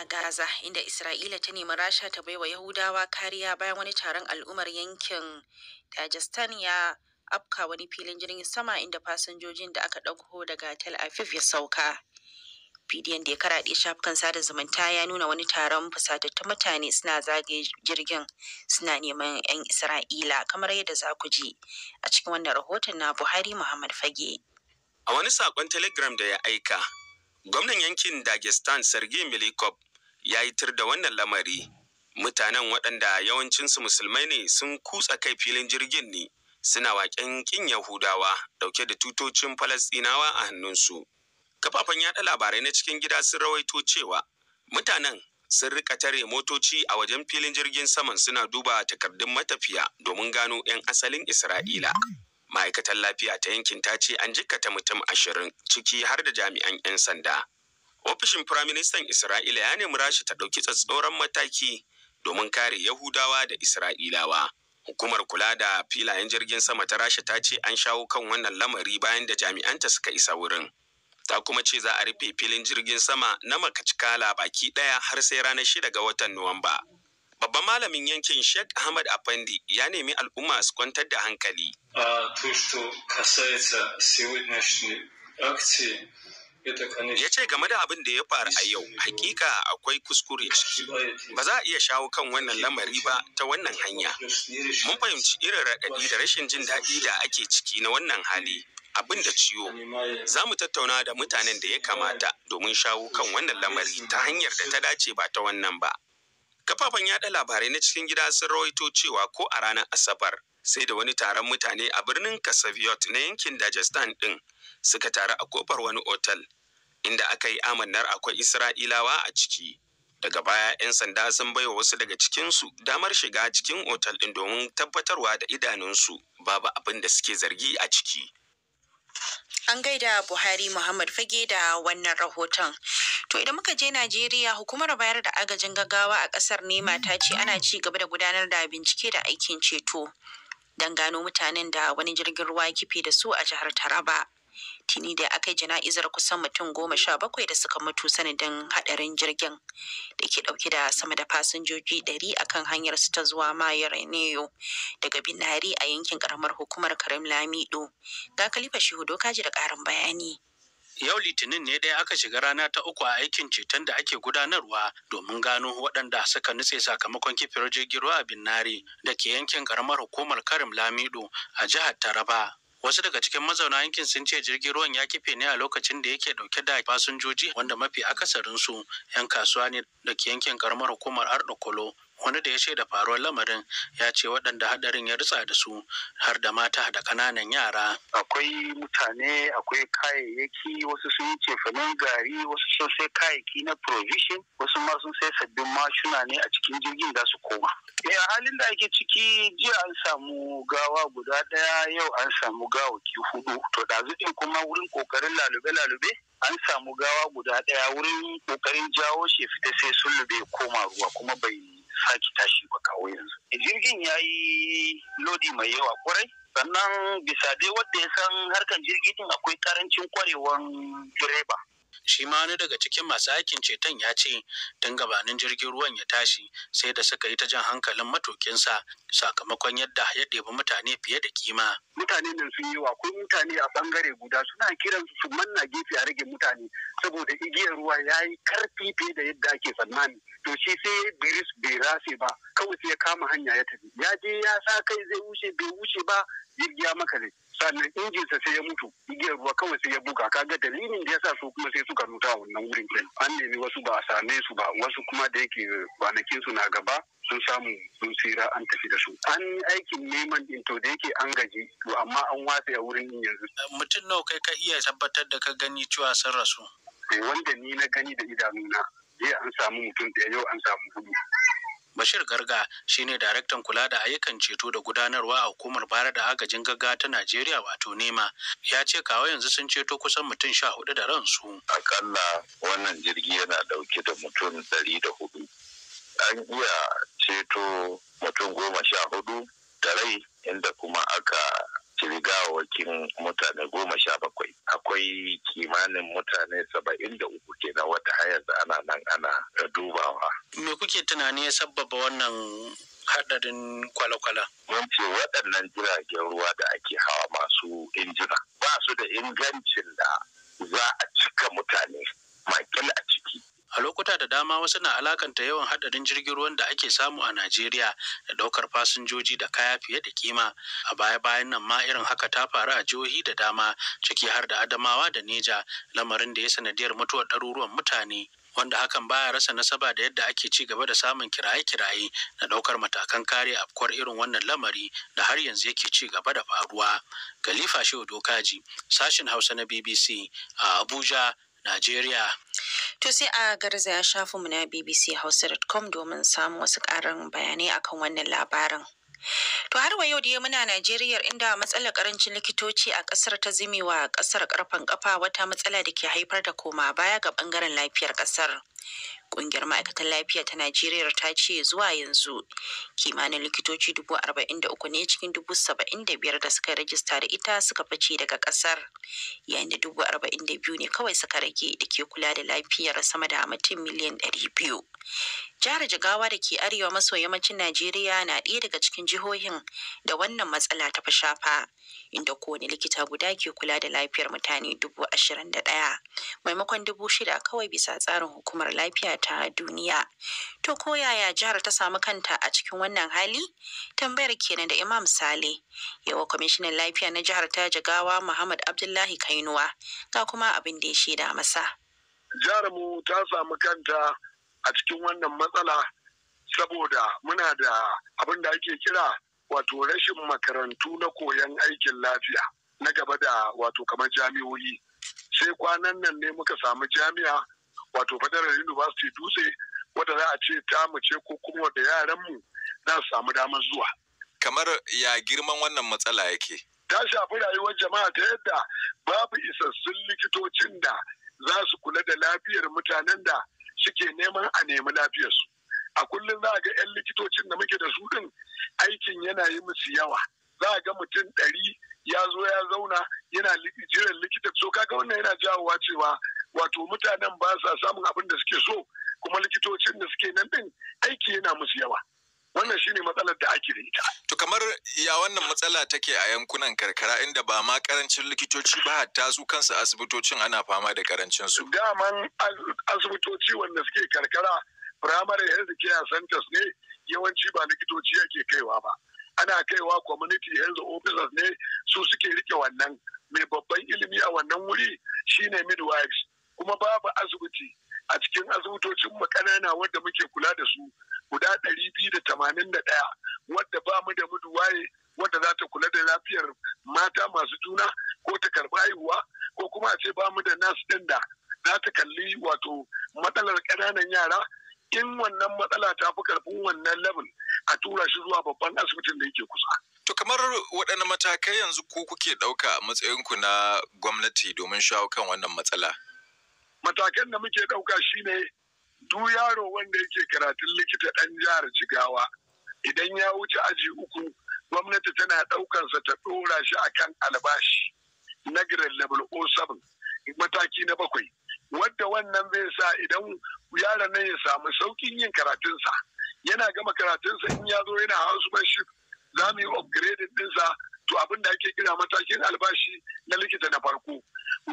a Gaza inda Isra'ila ta nemi Rasha ta baiwa Yahudawa kariya bayan wani taron al'ummar yankin dagestan ya afka wani filin jirgin sama inda fasinjojin da aka ɗauko daga Tel Aviv ya sauka. bidiyon da ya karaɗe shafukan sada zumunta ya nuna wani taron fusatattun mutane suna zagaye jirgin suna neman 'yan isra'ila kamar yadda za ku ji a cikin wannan rahoton na buhari muhammad fage a wani saƙon telegram da ya aika gwamnan yankin dagestan sergei milikov ya yi tir da wannan lamari mutanen waɗanda yawancinsu musulmai ne sun kutsa kai filin jirgin ne suna waƙen ƙin yahudawa ɗauke da tutocin falasɗinawa a hannunsu kafafen yaɗa labarai na cikin gida sun rawaito cewa mutanen sun rika tare motoci a wajen filin jirgin saman suna duba takardun matafiya domin gano 'yan asalin isra'ila ma'aikatan lafiya ta yankin ta ce an jikkata mutum ashirin ciki har da jami'an 'yan sanda Ofishin Firaministan Isra'ila ya nemi Rasha ta ɗauki tsatsauran mataki domin kare Yahudawa da Isra'ilawa. Hukumar kula da filayen jirgin sama ta Rasha ta ce an shawo kan wannan lamari bayan da jami'anta suka isa wurin. Ta kuma ce za a rufe filin jirgin sama na Makacikala baki ɗaya har sai ranar shida ga watan Nuwamba. Babban malamin yankin Sheikh Ahmad Afandi ya nemi al'umma su kwantar da hankali. A to, ya ce game da abin da ya faru a yau hakika akwai kuskure ciki ba za a iya shawo kan wannan lamari ba ta wannan hanya mun fahimci irin raɗaɗi da rashin jin daɗi da ake ciki na wannan hali abin da ciwo za mu tattauna da mutanen da ya kamata domin shawo kan wannan lamari ta hanyar da ta dace ba ta wannan ba kafafen yaɗa labarai na cikin gida sun rawaito cewa ko a ranar asabar sai da wani taron mutane a birnin kasaviyot na yankin dagestan ɗin suka taru a kofar wani otal inda aka yi amannar akwai isra'ilawa a ciki daga baya 'yan sanda sun bai wa wasu daga cikinsu damar shiga cikin otal ɗin domin tabbatarwa da idanunsu babu abin da suke zargi a ciki An gaida Buhari Muhammad Fage da wannan rahoton. To idan muka je Najeriya hukumar bayar da agajin gaggawa a kasar nema ta ce ana ci gaba da gudanar da bincike da aikin ceto. don gano mutanen da wani jirgin ruwa ya kife da su a jihar Taraba. tini da aka yi jana'izar kusan mutum goma sha bakwai da suka mutu sanadin hadarin jirgin da ke dauke da sama da fasinjoji ɗari a kan hanyar su ta zuwa mayar neyo daga binari a yankin karamar hukumar karim lamido ga kalifa hudu kaji da karin bayani Yau Litinin ne dai aka shiga rana ta uku a aikin ceton da ake gudanarwa domin gano waɗanda suka nutse sakamakon kifiyar jirgin ruwa a Binnari da ke yankin karamar hukumar Karim Lamido a jihar Taraba. Wasu daga cikin mazauna yankin sun ce jirgin ruwan ya kife ne a lokacin da yake dauke da fasinjoji wanda mafi akasarinsu 'yan kasuwa ne da ke yankin karamar hukumar Ardokolo wani da ya shaida faruwar lamarin ya ce waɗanda haɗarin ya ritsa da su har da mata da ƙananan yara akwai mutane akwai kayayyaki wasu sun yi cefanen gari wasu sun sai kayayyaki na provision wasu ma sun sai sabbin mashuna ne a cikin jirgin da su koma eh, a halin da ake ciki jiya an samu gawa guda ɗaya yau an samu ki hudu to ɗazu kuma wurin ƙoƙarin lalube-lalube an samu gawa guda ɗaya wurin ƙoƙarin jawo shi fita sai sun lube koma ruwa kuma bai sake tashi ba kawo yanzu jirgin ya yi lodi mai yawa kwarai sannan bisa dai wadda ya san harkar jirgin akwai karancin kwarewan direba shi ma wani daga cikin masu aikin ceton ya ce tun gabanin jirgin ruwan ya tashi sai da suka yi ta jan hankalin matukinsa sakamakon yadda ya ɗebi mutane fiye da kima. Mutane nan sun yi wa akwai mutane a bangare guda suna kiran su manna gefe a rage mutane saboda igiyar ruwa ya yi karfi fiye da yadda ake tsammani. to shi sai biris bai rase ba kawai sai ya kama hanya ya tafi ya je ya sa kai zai wuce bai wuce ba jirgiya makale sannan injinsa sai ya mutu igiyar ruwa kawai sai ya buga kaga dalilin da ya sa su kuma sai suka ruta wannan wurin kai an nemi wasu ba a same su ba wasu kuma da yake kwanakin su na gaba sun samu sun tsira an tafi da su an yi aikin neman din to da yake an gaji to amma an watsa a wurin yanzu eh, mutum nawa kai ka iya tabbatar da ka gani cewa sun rasu eh, wanda ni na gani da idanuna jiya an samu mutum ɗaya yau an samu hudu Bashir Garga shine daraktan kula da ayyukan ceto da gudanarwa a hukumar bara da agajin gaggawa ta Najeriya wato NEMA ya ce kawo yanzu sun ceto kusan mutum sha hudu da ransu. Akalla wannan jirgi yana dauke da mutum ɗari da hudu. An iya ceto mutum goma sha hudu da rai inda kuma aka cire mutane goma sha bakwai akwai kimanin mutane saba'in da uku kenan wata hayar da ana nan ana dubawa me kuke tunani ya sabbaba wannan hadarin kwale-kwale. Mun ce waɗannan jiragen ruwa da ake hawa masu injina ba su da ingancin da za a cika mutane makil a ciki A lokuta da dama wasu na alakanta yawan haɗarin jirgin ruwan da ake samu a Najeriya da ɗaukar fasinjoji da kaya fiye da kima. A baya-bayan nan ma irin haka ta faru a jihohi da dama ciki har da Adamawa da Neja lamarin da ya sanadiyar mutuwar ɗaruruwan mutane. wanda hakan baya rasa nasaba da yadda ake ci gaba da samun kiraye-kiraye na ɗaukar matakan kare afkuwar irin wannan lamari da har yanzu yake ci gaba da faruwa. Khalifa Shehu Dokaji, sashin Hausa na BBC a Abuja, Najeriya. To sai a shafi shafinmu na bbc Hausa.com domin samun wasu ƙarin bayanai akan wannan labarin. To har wa yau da muna Najeriya inda matsalar karancin likitoci a ƙasar ta zimewa ƙasar karfan ƙafa wata matsala da ke haifar da koma baya ga ɓangaren lafiyar ƙasar. Ƙungiyar ma'aikatan lafiya ta Najeriya ta ce zuwa yanzu kimanin likitoci dubu arba'in da uku ne cikin dubu saba'in da biyar da suka rajista da ita suka fice daga ƙasar yayin da dubu arba'in da biyu ne kawai suka rage da ke kula da lafiyar sama da mutum miliyan ɗari biyu. Jihar Jigawa da ke arewa maso yammacin Najeriya na ɗaya daga cikin jihohin da wannan matsala ta fi shafa, inda kowane likita guda ke kula da lafiyar mutane dubu ashirin da ɗaya, maimakon dubu shida kawai bisa tsarin hukumar lafiya ta duniya. To ko yaya jihar ta samu kanta a cikin wannan hali? Tambayar kenan da Imam Sale. Yawa kwamishinan lafiya na jihar ta jagawa Muhammad Abdullahi Kainuwa ga kuma abin da ya shaida masa. Jihar mu ta samu kanta a cikin wannan matsala saboda muna da abin da ake kira wato rashin makarantu na koyon aikin lafiya na gaba da wato kamar jami'o'i sai kwanan nan ne muka samu jami'a wato federal university dutse wadda za a ce ta mu ce ko kuma da yaranmu za su samu damar zuwa kamar ya girman wannan matsala yake ta shafi rayuwar jama'a ta yadda babu isassun likitocin da za su kula da lafiyar mutanen da suke neman a nemi lafiyarsu a kullum za a ga 'yan likitocin da muke da su din aikin yana yi musu yawa za a ga mutum ɗari ya zo ya zauna yana jiran likita so kaga wannan yana jawowa cewa wato mutanen ba sa samun abin da suke so kuma likitocin da suke nan din aiki yana musu yawa wannan shine matsalar da ake da ita to kamar ya wannan matsala take a yankunan karkara inda ba ma karancin likitoci ba hatta su kansu asibitocin ana fama da karancin su daman asibitoci wanda suke karkara primary health care centers ne yawanci ba likitoci yake kaiwa ba ana kaiwa community health officers ne su suke rike wannan mai babban ilimi a wannan wuri shine midwives kuma babu asibiti a cikin asibitocin mu ƙanana wadda muke kula da su guda ɗari biyu da tamanin da ɗaya wadda ba mu da muduwaye wadda za ta kula da lafiyar mata masu juna ko ta karɓa haihuwa ko kuma a ce ba mu da nas ɗin da za ta kalli wato matsalar ƙananan yara in wannan matsala ta fi karɓin wannan level a tura shi zuwa babban asibitin da yake kusa. To kamar waɗanne matakai yanzu ko kuke ɗauka a matsayinku na gwamnati domin shawo kan wannan matsala? matakan da muke ɗauka shine duk yaro wanda yake karatun likita ɗan jihar jigawa idan ya wuce aji uku gwamnati tana ɗaukansa ta ɗora shi akan albashi na grade level 07 mataki na bakwai wadda wannan zai sa idan yaron nan ya samu saukin yin karatunsa yana gama karatunsa in ya zo yana housemanship za mu yi upgrading ɗinsa to abin da ake kira matakin albashi na likita na farko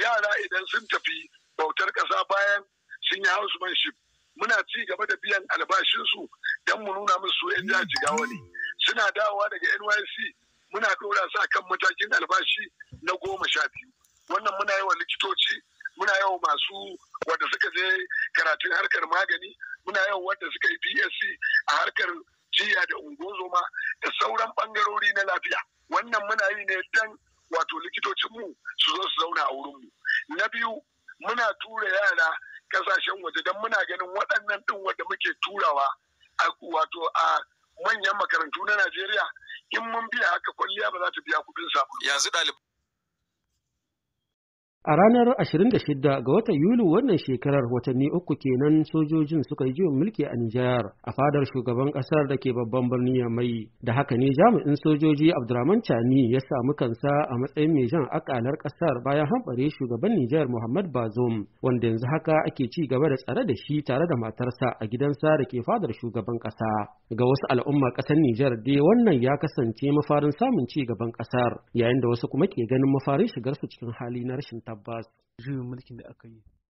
yara idan sun tafi dokar ƙasa bayan sun yi housemanship muna ci gaba da biyan albashinsu don mu nuna musu yan jihar jigawa ne suna dawowa daga NYC muna ɗora su kan matakin albashi na goma sha biyu wannan muna yawa likitoci muna yawa masu wanda suka je karatun harkar magani muna yawa wanda suka yi bsc a harkar jiya da ungozoma da sauran bangarori na lafiya wannan muna yi ne don wato likitocinmu su zo su zauna a wurinmu na biyu muna tura yara kasashen waje don muna ganin waɗannan ɗin wanda muke turawa a wato a manyan makarantu na Najeriya in mun biya haka kwalliya ba za ta biya kuɗin sabulu. Yanzu ɗalibai. A ranar 26 ga watan Yuli wannan shekarar watanni uku kenan sojojin suka yi juyin mulki a Nijar a fadar shugaban kasar da ke babban birnin mai da haka ne jami'in sojoji Abdurrahman Chani ya samu kansa a matsayin mai jan akalar kasar bayan hambare shugaban Nijar Muhammad Bazoum wanda yanzu haka ake ci gaba da tsare da shi tare da matarsa a gidansa da ke fadar shugaban kasa. ga wasu al'umma ƙasar Nijar dai wannan ya kasance mafarin samun ci gaban ƙasar yayin da wasu kuma ke ganin mafarin shigar su cikin hali na rashin tabbas. Juyin